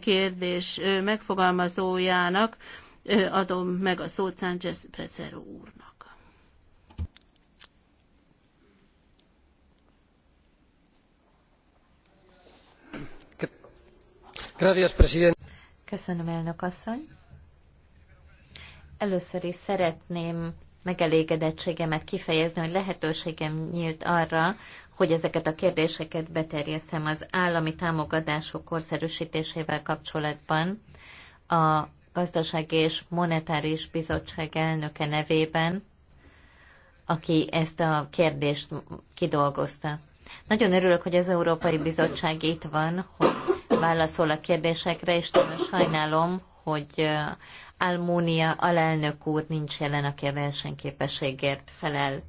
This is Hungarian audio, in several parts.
kérdés megfogalmazójának adom meg a szót Sánchez Pecero úrnak. Köszönöm, elnök asszony. Először is szeretném megelégedettségemet kifejezni, hogy lehetőségem nyílt arra, hogy ezeket a kérdéseket beterjeszem az állami támogatások korszerűsítésével kapcsolatban a Gazdasági és Monetáris Bizottság elnöke nevében, aki ezt a kérdést kidolgozta. Nagyon örülök, hogy az Európai Bizottság itt van, hogy válaszol a kérdésekre, és nagyon sajnálom, hogy Almónia alelnök úr nincs jelen, aki a versenyképességért felel.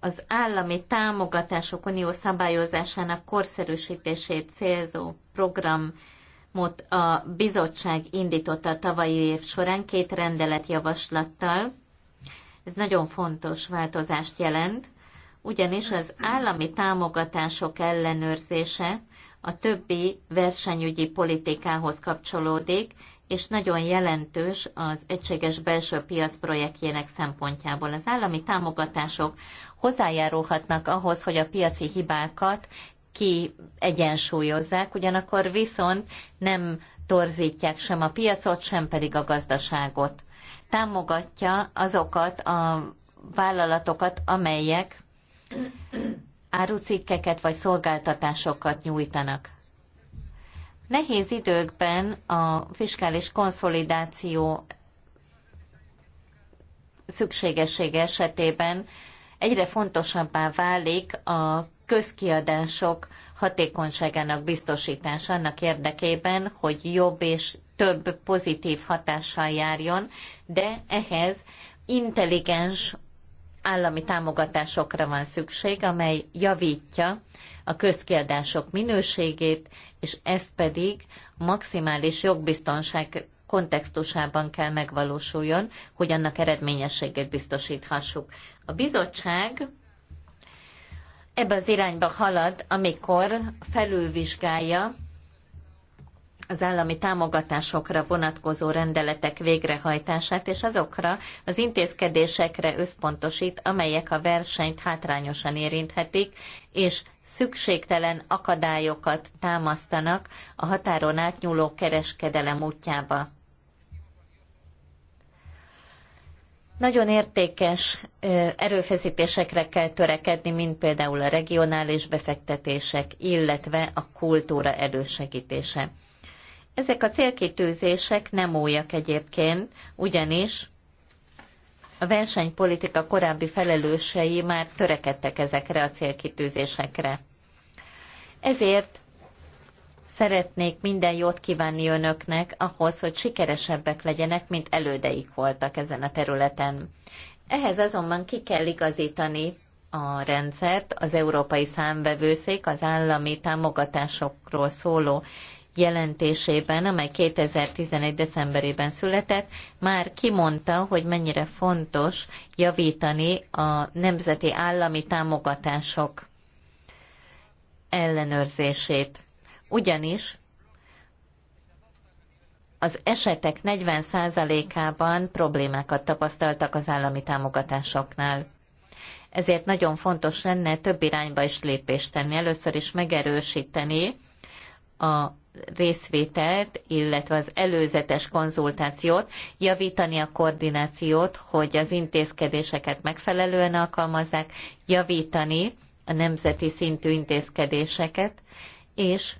Az állami támogatások unió szabályozásának korszerűsítését célzó program a bizottság indította a tavalyi év során két rendelet javaslattal. Ez nagyon fontos változást jelent, ugyanis az állami támogatások ellenőrzése a többi versenyügyi politikához kapcsolódik, és nagyon jelentős az egységes belső piac projektjének szempontjából. Az állami támogatások hozzájárulhatnak ahhoz, hogy a piaci hibákat ki egyensúlyozzák, ugyanakkor viszont nem torzítják sem a piacot, sem pedig a gazdaságot. Támogatja azokat a vállalatokat, amelyek árucikkeket vagy szolgáltatásokat nyújtanak. Nehéz időkben a fiskális konszolidáció szükségessége esetében egyre fontosabbá válik a közkiadások hatékonyságának biztosítása annak érdekében, hogy jobb és több pozitív hatással járjon, de ehhez intelligens állami támogatásokra van szükség, amely javítja a közkiadások minőségét, és ez pedig maximális jogbiztonság kontextusában kell megvalósuljon, hogy annak eredményességét biztosíthassuk. A bizottság ebbe az irányba halad, amikor felülvizsgálja az állami támogatásokra vonatkozó rendeletek végrehajtását és azokra az intézkedésekre összpontosít, amelyek a versenyt hátrányosan érinthetik, és szükségtelen akadályokat támasztanak a határon átnyúló kereskedelem útjába. Nagyon értékes erőfeszítésekre kell törekedni, mint például a regionális befektetések, illetve a kultúra elősegítése. Ezek a célkitűzések nem újak egyébként, ugyanis a versenypolitika korábbi felelősei már törekedtek ezekre a célkitűzésekre. Ezért szeretnék minden jót kívánni önöknek ahhoz, hogy sikeresebbek legyenek, mint elődeik voltak ezen a területen. Ehhez azonban ki kell igazítani a rendszert, az Európai Számvevőszék az állami támogatásokról szóló jelentésében, amely 2011. decemberében született, már kimondta, hogy mennyire fontos javítani a nemzeti állami támogatások ellenőrzését. Ugyanis az esetek 40%-ában problémákat tapasztaltak az állami támogatásoknál. Ezért nagyon fontos lenne több irányba is lépést tenni. Először is megerősíteni a részvételt, illetve az előzetes konzultációt, javítani a koordinációt, hogy az intézkedéseket megfelelően alkalmazzák, javítani a nemzeti szintű intézkedéseket, és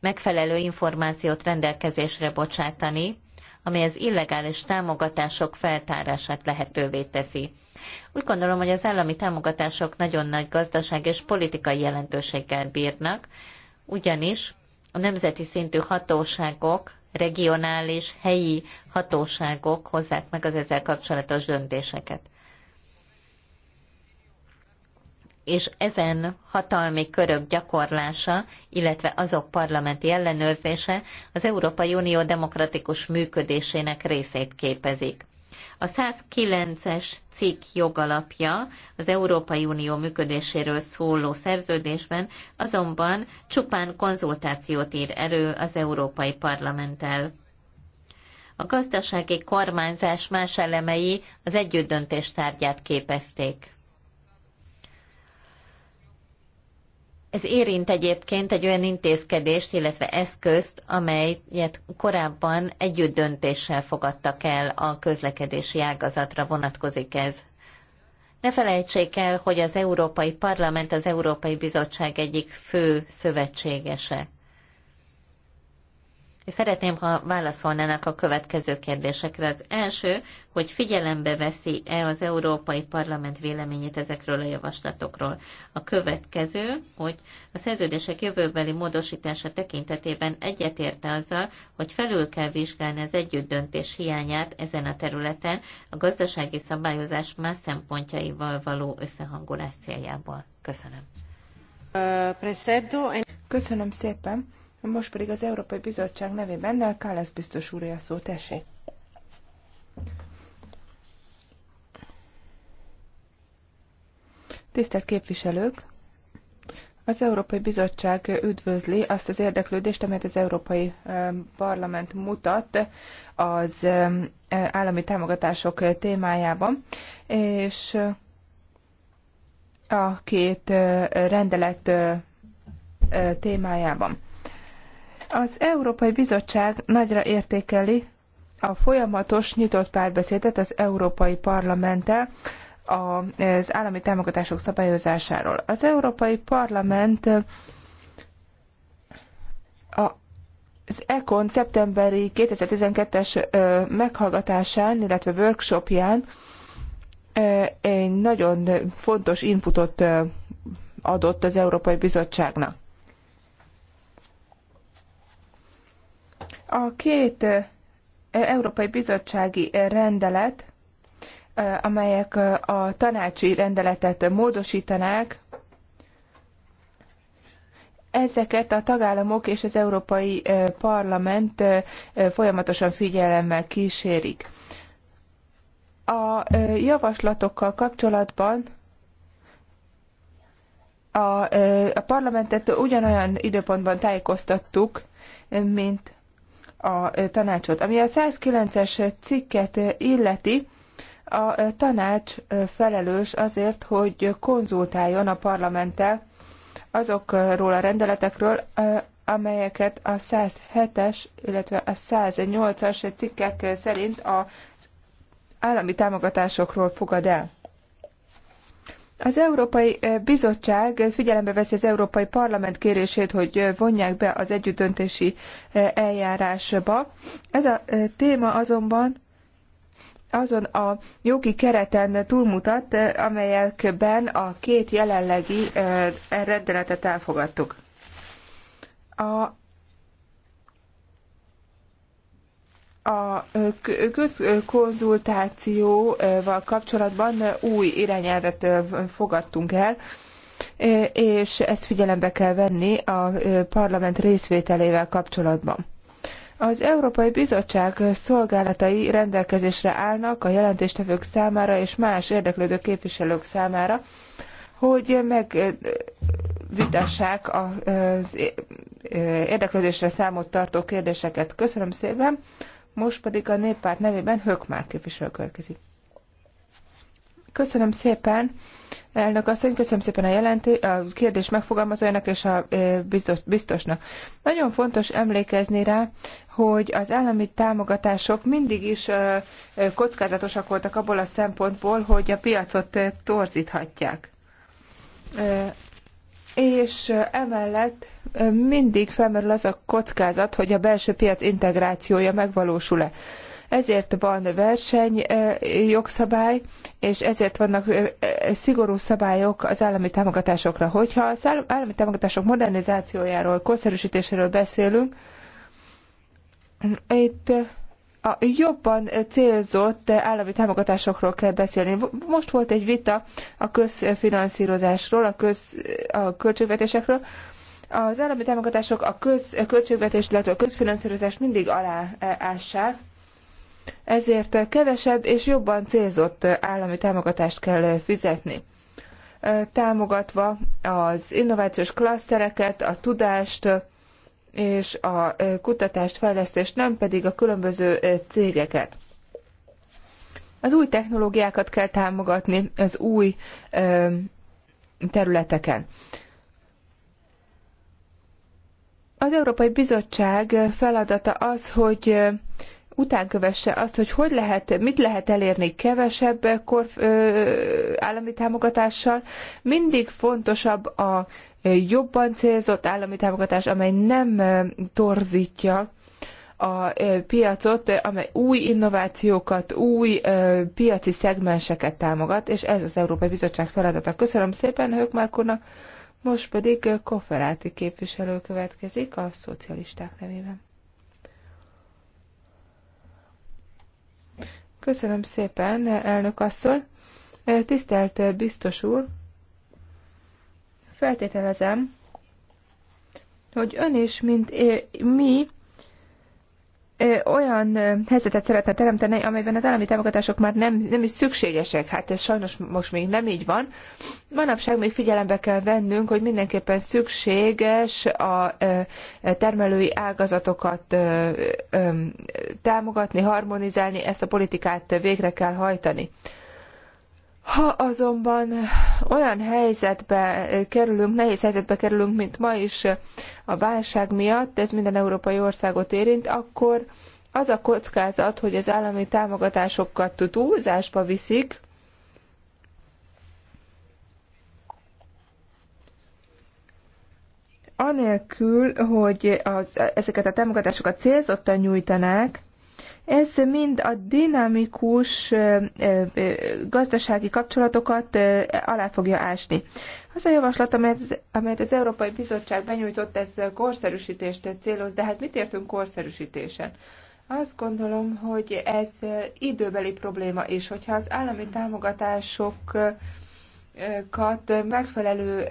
megfelelő információt rendelkezésre bocsátani, ami az illegális támogatások feltárását lehetővé teszi. Úgy gondolom, hogy az állami támogatások nagyon nagy gazdaság és politikai jelentőséggel bírnak, ugyanis a nemzeti szintű hatóságok, regionális, helyi hatóságok hozzák meg az ezzel kapcsolatos döntéseket. És ezen hatalmi körök gyakorlása, illetve azok parlamenti ellenőrzése az Európai Unió demokratikus működésének részét képezik. A 109-es cikk jogalapja az Európai Unió működéséről szóló szerződésben azonban csupán konzultációt ír elő az Európai Parlamenttel. A gazdasági kormányzás más elemei az együttdöntés tárgyát képezték. Ez érint egyébként egy olyan intézkedést, illetve eszközt, amelyet korábban együtt döntéssel fogadtak el a közlekedési ágazatra vonatkozik ez. Ne felejtsék el, hogy az Európai Parlament az Európai Bizottság egyik fő szövetségese. Szeretném, ha válaszolnának a következő kérdésekre. Az első, hogy figyelembe veszi-e az Európai Parlament véleményét ezekről a javaslatokról. A következő, hogy a szerződések jövőbeli módosítása tekintetében egyetérte azzal, hogy felül kell vizsgálni az együttdöntés hiányát ezen a területen a gazdasági szabályozás más szempontjaival való összehangolás céljából. Köszönöm. Köszönöm szépen. Most pedig az Európai Bizottság nevében Kállász biztos úr a szó, tessék. Tisztelt képviselők! Az Európai Bizottság üdvözli azt az érdeklődést, amelyet az Európai Parlament mutat az állami támogatások témájában, és a két rendelet témájában. Az Európai Bizottság nagyra értékeli a folyamatos nyitott párbeszédet az Európai Parlamenttel az állami támogatások szabályozásáról. Az Európai Parlament az ECON szeptemberi 2012-es meghallgatásán, illetve workshopján egy nagyon fontos inputot adott az Európai Bizottságnak. A két Európai Bizottsági Rendelet, amelyek a tanácsi rendeletet módosítanák, ezeket a tagállamok és az Európai Parlament folyamatosan figyelemmel kísérik. A javaslatokkal kapcsolatban a, a parlamentet ugyanolyan időpontban tájékoztattuk, mint a tanácsot. Ami a 109-es cikket illeti, a tanács felelős azért, hogy konzultáljon a parlamenttel azokról a rendeletekről, amelyeket a 107-es, illetve a 108-as cikkek szerint az állami támogatásokról fogad el. Az Európai eh, Bizottság figyelembe veszi az Európai Parlament kérését, hogy eh, vonják be az együttdöntési eh, eljárásba. Ez a téma azonban azon a jogi kereten túlmutat, amelyekben a két jelenlegi rendeletet elfogadtuk. A a közkonzultációval kapcsolatban új irányelvet fogadtunk el, és ezt figyelembe kell venni a parlament részvételével kapcsolatban. Az Európai Bizottság szolgálatai rendelkezésre állnak a jelentéstevők számára és más érdeklődő képviselők számára, hogy megvitassák az érdeklődésre számot tartó kérdéseket. Köszönöm szépen! Most pedig a néppárt nevében Hökmár képviselő következik. Köszönöm szépen, elnök asszony, köszönöm szépen a, jelenti, a kérdés megfogalmazójának és a e, biztos, biztosnak. Nagyon fontos emlékezni rá, hogy az állami támogatások mindig is e, e, kockázatosak voltak abból a szempontból, hogy a piacot torzíthatják és emellett mindig felmerül az a kockázat, hogy a belső piac integrációja megvalósul-e. Ezért van verseny jogszabály, és ezért vannak szigorú szabályok az állami támogatásokra. Hogyha az állami támogatások modernizációjáról, korszerűsítéséről beszélünk, itt a jobban célzott állami támogatásokról kell beszélni. Most volt egy vita a közfinanszírozásról, a, köz, a költségvetésekről. Az állami támogatások a, köz, a költségvetés, illetve a közfinanszírozást mindig aláássák, e, ezért kevesebb és jobban célzott állami támogatást kell fizetni. E, támogatva az innovációs klasztereket, a tudást, és a kutatást, fejlesztést, nem pedig a különböző cégeket. Az új technológiákat kell támogatni az új területeken. Az Európai Bizottság feladata az, hogy utánkövesse azt, hogy, hogy lehet, mit lehet elérni kevesebb kor, ö, állami támogatással. Mindig fontosabb a jobban célzott állami támogatás, amely nem torzítja a piacot, amely új innovációkat, új piaci szegmenseket támogat, és ez az Európai Bizottság feladata. Köszönöm szépen Hökmárk úrnak, most pedig Koferáti képviselő következik a szocialisták nevében. Köszönöm szépen, elnök asszony. Tisztelt biztos úr, Feltételezem, hogy ön is, mint mi, olyan helyzetet szeretne teremteni, amelyben az állami támogatások már nem, nem is szükségesek. Hát ez sajnos most még nem így van. Manapság még figyelembe kell vennünk, hogy mindenképpen szükséges a termelői ágazatokat támogatni, harmonizálni, ezt a politikát végre kell hajtani. Ha azonban olyan helyzetbe kerülünk, nehéz helyzetbe kerülünk, mint ma is a válság miatt, ez minden európai országot érint, akkor az a kockázat, hogy az állami támogatásokat túlzásba viszik, anélkül, hogy az, ezeket a támogatásokat célzottan nyújtanák, ez mind a dinamikus gazdasági kapcsolatokat alá fogja ásni. Az a javaslat, amelyet az, amelyet az Európai Bizottság benyújtott, ez korszerűsítést céloz, de hát mit értünk korszerűsítésen? Azt gondolom, hogy ez időbeli probléma is, hogyha az állami támogatásokat megfelelő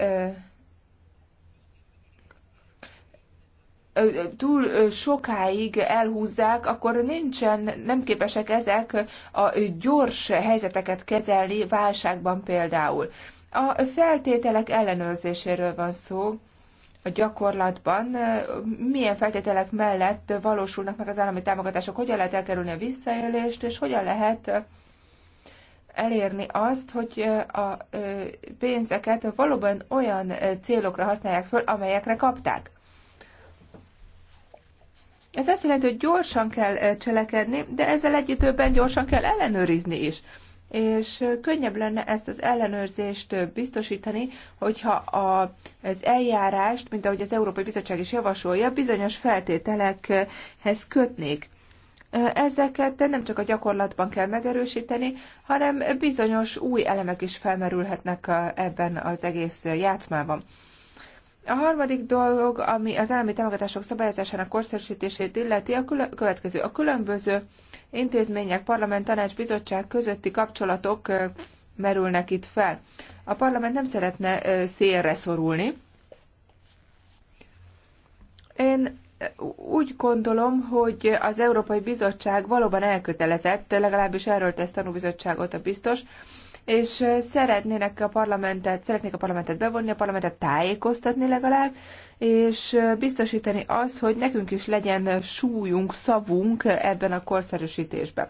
túl sokáig elhúzzák, akkor nincsen, nem képesek ezek a gyors helyzeteket kezelni válságban például. A feltételek ellenőrzéséről van szó a gyakorlatban, milyen feltételek mellett valósulnak meg az állami támogatások, hogyan lehet elkerülni a visszaélést, és hogyan lehet elérni azt, hogy a pénzeket valóban olyan célokra használják föl, amelyekre kapták. Ez azt jelenti, hogy gyorsan kell cselekedni, de ezzel együttőben gyorsan kell ellenőrizni is. És könnyebb lenne ezt az ellenőrzést biztosítani, hogyha a, az eljárást, mint ahogy az Európai Bizottság is javasolja, bizonyos feltételekhez kötnék. Ezeket nem csak a gyakorlatban kell megerősíteni, hanem bizonyos új elemek is felmerülhetnek ebben az egész játszmában. A harmadik dolog, ami az állami támogatások szabályozásának korszerűsítését illeti, a következő. A különböző intézmények, parlament, tanács, bizottság közötti kapcsolatok merülnek itt fel. A parlament nem szeretne szélre szorulni. Én úgy gondolom, hogy az Európai Bizottság valóban elkötelezett, legalábbis erről tesz tanúbizottságot a biztos, és szeretnének a parlamentet, szeretnék a parlamentet bevonni, a parlamentet tájékoztatni legalább, és biztosítani azt, hogy nekünk is legyen súlyunk, szavunk ebben a korszerűsítésben.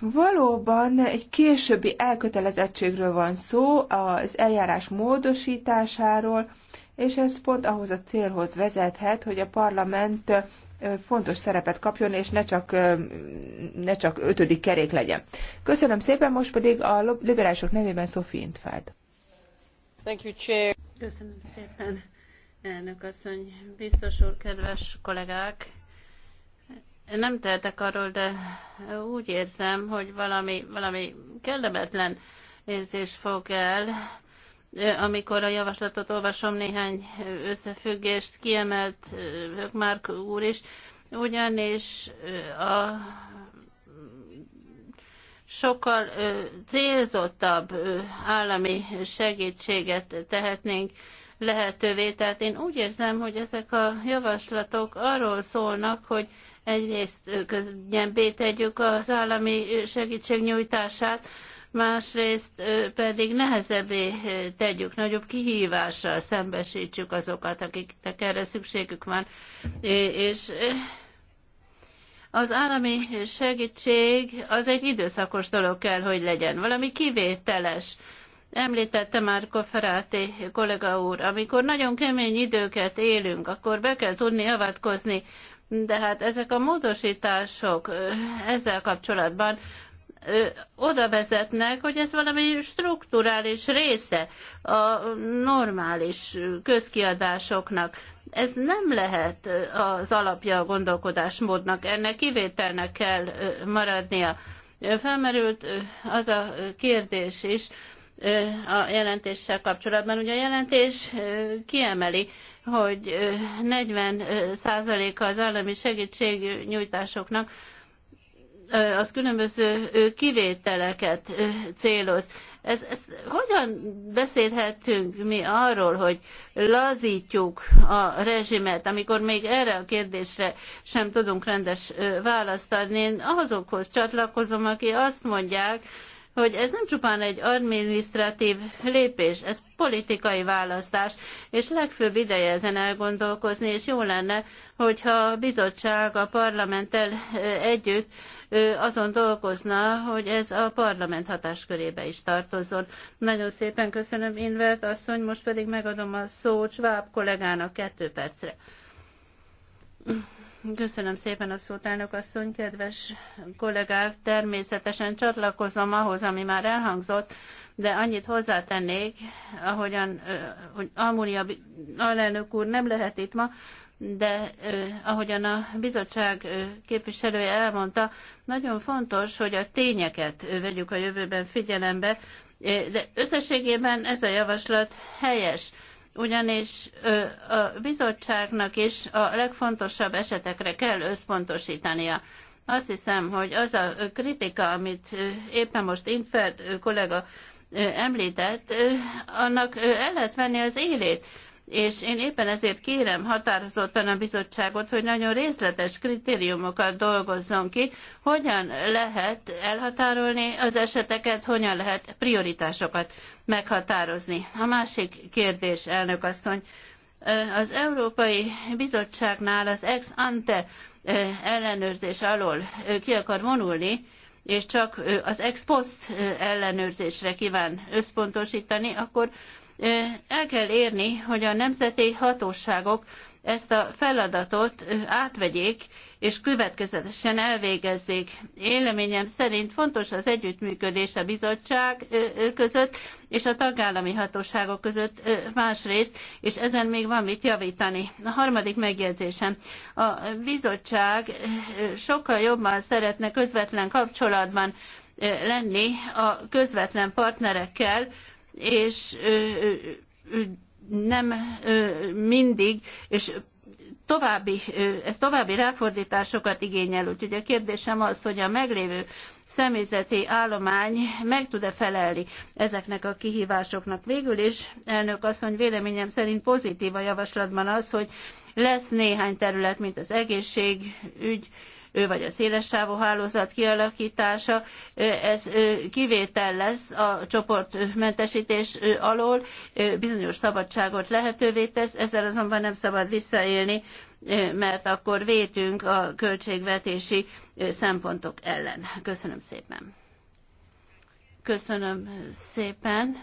Valóban egy későbbi elkötelezettségről van szó, az eljárás módosításáról, és ez pont ahhoz a célhoz vezethet, hogy a parlament fontos szerepet kapjon, és ne csak, ne csak ötödik kerék legyen. Köszönöm szépen, most pedig a liberálisok nevében Sophie Intfeld. Thank you, Chair. Köszönöm szépen, elnök asszony, biztos úr, kedves kollégák. Nem tehetek arról, de úgy érzem, hogy valami, valami kellemetlen érzés fog el amikor a javaslatot olvasom, néhány összefüggést kiemelt Hökmárk úr is, ugyanis a sokkal célzottabb állami segítséget tehetnénk lehetővé. Tehát én úgy érzem, hogy ezek a javaslatok arról szólnak, hogy egyrészt könnyebbé tegyük az állami segítség nyújtását, másrészt pedig nehezebbé tegyük, nagyobb kihívással szembesítsük azokat, akiknek erre szükségük van. És az állami segítség az egy időszakos dolog kell, hogy legyen, valami kivételes. Említette már Koferáti kollega úr, amikor nagyon kemény időket élünk, akkor be kell tudni avatkozni, de hát ezek a módosítások ezzel kapcsolatban oda vezetnek, hogy ez valami strukturális része a normális közkiadásoknak. Ez nem lehet az alapja a gondolkodásmódnak, ennek kivételnek kell maradnia. Felmerült az a kérdés is a jelentéssel kapcsolatban. Ugye a jelentés kiemeli, hogy 40%-a az állami segítségnyújtásoknak az különböző kivételeket céloz. Ez, ez hogyan beszélhetünk mi arról, hogy lazítjuk a rezsimet, amikor még erre a kérdésre sem tudunk rendes választ adni? Én azokhoz csatlakozom, aki azt mondják, hogy ez nem csupán egy adminisztratív lépés, ez politikai választás, és legfőbb ideje ezen elgondolkozni, és jó lenne, hogyha a bizottság a parlamenttel együtt azon dolgozna, hogy ez a parlament hatáskörébe is tartozzon. Nagyon szépen köszönöm, Invert asszony, most pedig megadom a szót Schwab kollégának kettő percre. Köszönöm szépen a szót, elnök asszony, kedves kollégák, természetesen csatlakozom ahhoz, ami már elhangzott, de annyit hozzátennék, ahogyan hogy Almunia alelnök úr nem lehet itt ma, de ahogyan a bizottság képviselője elmondta, nagyon fontos, hogy a tényeket vegyük a jövőben figyelembe, de összességében ez a javaslat helyes ugyanis a bizottságnak is a legfontosabb esetekre kell összpontosítania. Azt hiszem, hogy az a kritika, amit éppen most Infert kollega említett, annak el lehet venni az élét és én éppen ezért kérem határozottan a bizottságot, hogy nagyon részletes kritériumokat dolgozzon ki, hogyan lehet elhatárolni az eseteket, hogyan lehet prioritásokat meghatározni. A másik kérdés, elnök asszony, az Európai Bizottságnál az ex ante ellenőrzés alól ki akar vonulni, és csak az ex post ellenőrzésre kíván összpontosítani, akkor el kell érni, hogy a nemzeti hatóságok ezt a feladatot átvegyék, és következetesen elvégezzék. Éleményem szerint fontos az együttműködés a bizottság között és a tagállami hatóságok között másrészt, és ezen még van mit javítani. A harmadik megjegyzésem. A bizottság sokkal jobban szeretne közvetlen kapcsolatban lenni a közvetlen partnerekkel, és nem mindig, és további, ez további ráfordításokat igényel, úgyhogy a kérdésem az, hogy a meglévő személyzeti állomány meg tud-e felelni ezeknek a kihívásoknak. Végül is, elnök asszony, véleményem szerint pozitív a javaslatban az, hogy lesz néhány terület, mint az egészségügy, vagy a szélessávú hálózat kialakítása, ez kivétel lesz a csoportmentesítés alól, bizonyos szabadságot lehetővé tesz, ezzel azonban nem szabad visszaélni, mert akkor vétünk a költségvetési szempontok ellen. Köszönöm szépen. Köszönöm szépen.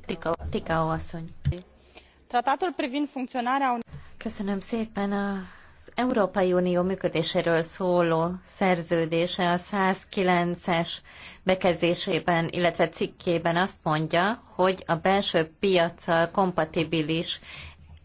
Tikao, Tikao asszony. Tratatul privind funcționarea Köszönöm szépen a az Európai Unió működéséről szóló szerződése a 109-es bekezdésében, illetve cikkében azt mondja, hogy a belső piaccal kompatibilis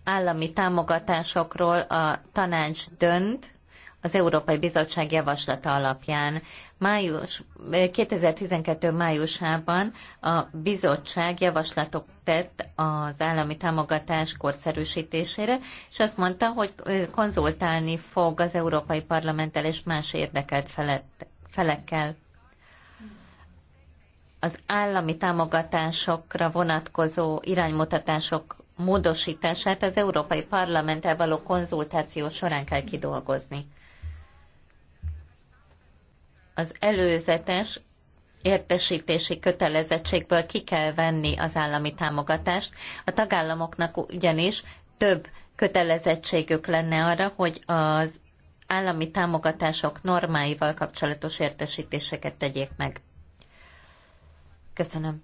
állami támogatásokról a tanács dönt, az Európai Bizottság javaslata alapján. Május, 2012. Eh, májusában a bizottság javaslatok tett az állami támogatás korszerűsítésére, és azt mondta, hogy eh, konzultálni fog az Európai Parlamenttel és más érdekelt felett, felekkel az állami támogatásokra vonatkozó iránymutatások módosítását az Európai Parlamenttel való konzultáció során kell kidolgozni az előzetes értesítési kötelezettségből ki kell venni az állami támogatást. A tagállamoknak ugyanis több kötelezettségük lenne arra, hogy az állami támogatások normáival kapcsolatos értesítéseket tegyék meg. Köszönöm.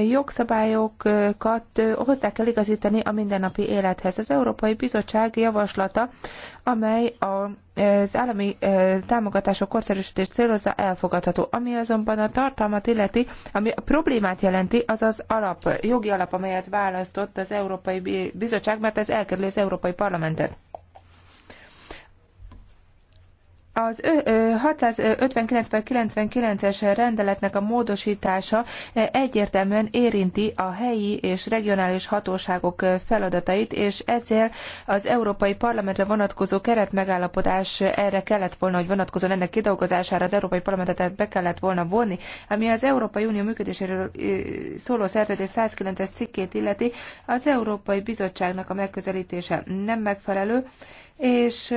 jogszabályokat hozzá kell igazítani a mindennapi élethez. Az Európai Bizottság javaslata, amely az állami támogatások korszerűsítést célozza, elfogadható. Ami azonban a tartalmat illeti, ami a problémát jelenti, az az alap, jogi alap, amelyet választott az Európai Bizottság, mert ez elkerül az Európai Parlamentet. Az 659 99-es rendeletnek a módosítása egyértelműen érinti a helyi és regionális hatóságok feladatait, és ezért az Európai Parlamentre vonatkozó keretmegállapodás erre kellett volna, hogy vonatkozóan ennek kidolgozására az Európai Parlamentet be kellett volna vonni, ami az Európai Unió működéséről szóló szerződés 109-es cikkét illeti, az Európai Bizottságnak a megközelítése nem megfelelő, és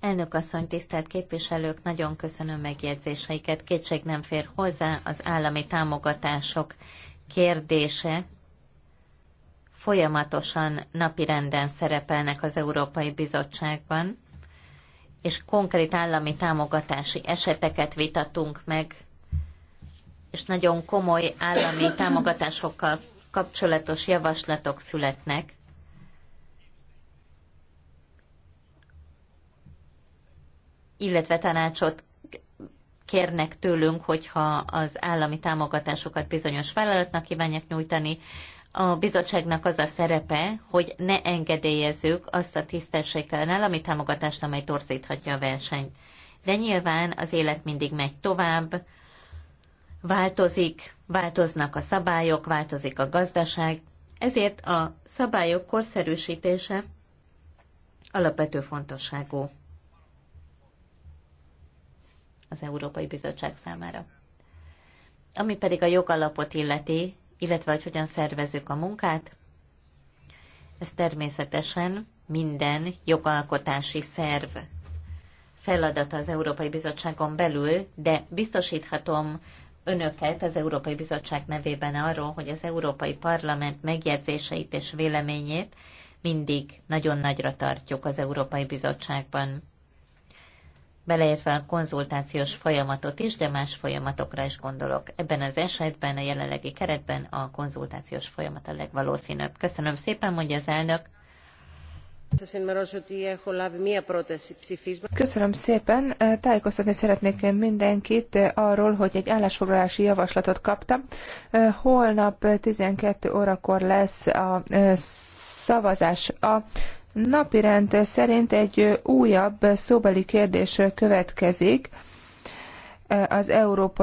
Elnök asszony, tisztelt képviselők, nagyon köszönöm megjegyzéseiket. Kétség nem fér hozzá, az állami támogatások kérdése folyamatosan napirenden szerepelnek az Európai Bizottságban, és konkrét állami támogatási eseteket vitatunk meg, és nagyon komoly állami támogatásokkal kapcsolatos javaslatok születnek illetve tanácsot kérnek tőlünk, hogyha az állami támogatásokat bizonyos vállalatnak kívánják nyújtani. A bizottságnak az a szerepe, hogy ne engedélyezzük azt a tisztességtelen állami támogatást, amely torzíthatja a versenyt. De nyilván az élet mindig megy tovább, változik, változnak a szabályok, változik a gazdaság, ezért a szabályok korszerűsítése alapvető fontosságú az Európai Bizottság számára. Ami pedig a jogalapot illeti, illetve hogy hogyan szervezzük a munkát, ez természetesen minden jogalkotási szerv feladata az Európai Bizottságon belül, de biztosíthatom önöket az Európai Bizottság nevében arról, hogy az Európai Parlament megjegyzéseit és véleményét mindig nagyon nagyra tartjuk az Európai Bizottságban beleértve a konzultációs folyamatot is, de más folyamatokra is gondolok. Ebben az esetben, a jelenlegi keretben a konzultációs folyamat a legvalószínűbb. Köszönöm szépen, mondja az elnök. Köszönöm szépen. Tájékoztatni szeretnék mindenkit arról, hogy egy állásfoglalási javaslatot kaptam. Holnap 12 órakor lesz a szavazás. A Napirend szerint egy újabb szóbeli kérdés következik az Európai